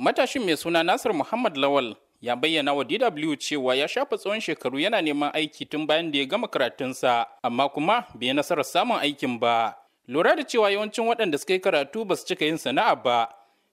Matashin mai suna Nasir Muhammad Lawal ya bayyana wa DW cewa ya shafa tsawon shekaru yana neman aiki tun bayan da ya gama karatunsa, amma kuma bai nasarar samun aikin ba. Lura da cewa yawancin waɗanda suka yi karatu ba su cika yin sana'a ba.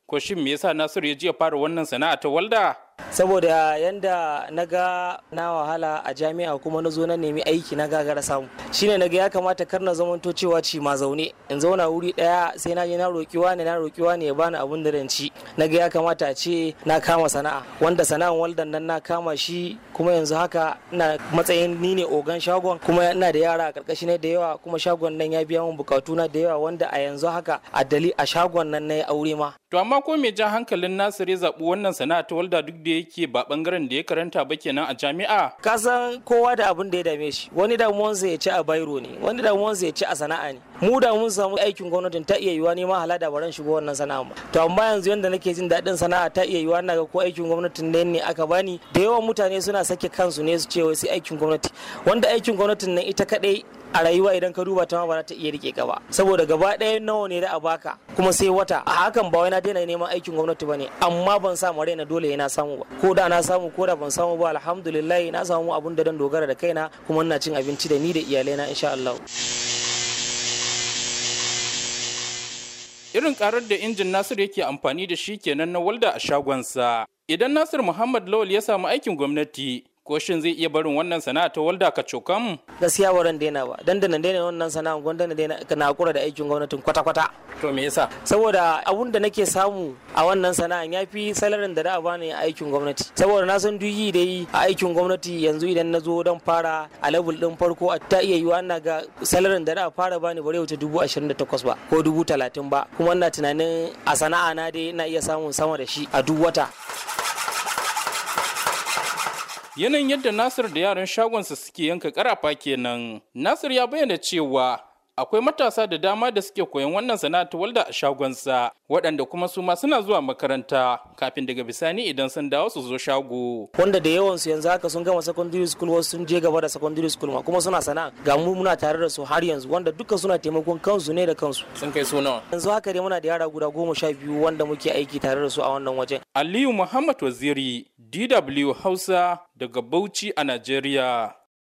Ko shin me yasa Nasir ya ji ya fara wannan sana'a ta walda? saboda yanda na ga na wahala a jami'a kuma na zo na nemi aiki na gagara samu shine na ga ya kamata kar na zamanto cewa ci ma zaune in zauna wuri daya sai na je na roki wani na roki wani ya bani abun da ranci na ga ya kamata a ce na kama sana'a wanda sana'an waldan nan na kama shi kuma yanzu haka ina matsayin ni ne ogan shagon kuma ina da yara a karkashi ne da yawa kuma shagon nan ya biya mun bukatu na da yawa wanda a yanzu haka a dali a shagon nan na aure ma to amma ko me ja hankalin Nasiru ya wannan sana'a ta walda duk da yake ba bangaren da ya karanta ba kenan a jami'a kasan kowa da abin da ya dame shi wani damuwansa ya ci a bairo ne wani damuwansa ya ci a sana'a ne mu da mun samu aikin gwamnatin ta iya yiwa ne ma halada ba shigo wannan sana'a ba to amma yanzu yanda nake jin daɗin sana'a ta iya yiwa na ga ko aikin gwamnatin ne ne aka bani da yawan mutane suna sake kansu ne su ce wai sai aikin gwamnati wanda aikin gwamnatin nan ita kadai a rayuwa idan ka duba ta ma ba ta iya rike ka ba saboda gaba ɗaya nawa ne da a baka kuma sai wata a hakan ba wai na daina neman aikin gwamnati ba ne amma ban samu raina dole na samu ba ko da na samu ko da ban samu ba alhamdulillah na samu abun da dan dogara da kaina kuma ina cin abinci da ni da na insha Allah. irin karar da injin nasiru yake amfani da shi kenan na walda a shagonsa. Idan nasiru Muhammad Lawal ya samu aikin gwamnati, ko shin zai iya barin wannan sana'a ta walda ka cokan gaskiya waran daina ba dan da daina wannan sana'a gwanda na daina na hakura da aikin gwamnatin kwata kwata to me yasa saboda abun da nake samu a wannan ya fi salarin da da bani a aikin gwamnati saboda na san duyi da yi a aikin gwamnati yanzu idan na zo dan fara a level din farko a ta iya yiwa na ga salarin da da fara bani bare wuce dubu ashirin da takwas ba ko dubu talatin ba kuma ina tunanin a sana'a na dai ina iya samun sama da shi a duk wata Yanayin yadda Nasir da yaran shagonsa suke yanka karafa kenan. Nasir ya bayyana cewa akwai matasa da dama da suke koyon wannan sana'a walda a shagonsa waɗanda kuma su ma suna zuwa makaranta kafin daga bisani idan sun dawo su zo shago wanda da yawan su yanzu haka sun gama secondary school wasu sun je gaba da secondary school ma kuma suna sana'a ga mu muna tare da su har yanzu wanda duka suna taimakon kansu ne da kansu sun kai suna yanzu haka dai muna da yara guda goma sha biyu wanda muke aiki tare da su a wannan wajen Aliyu Muhammad Waziri DW Hausa daga Bauchi a Najeriya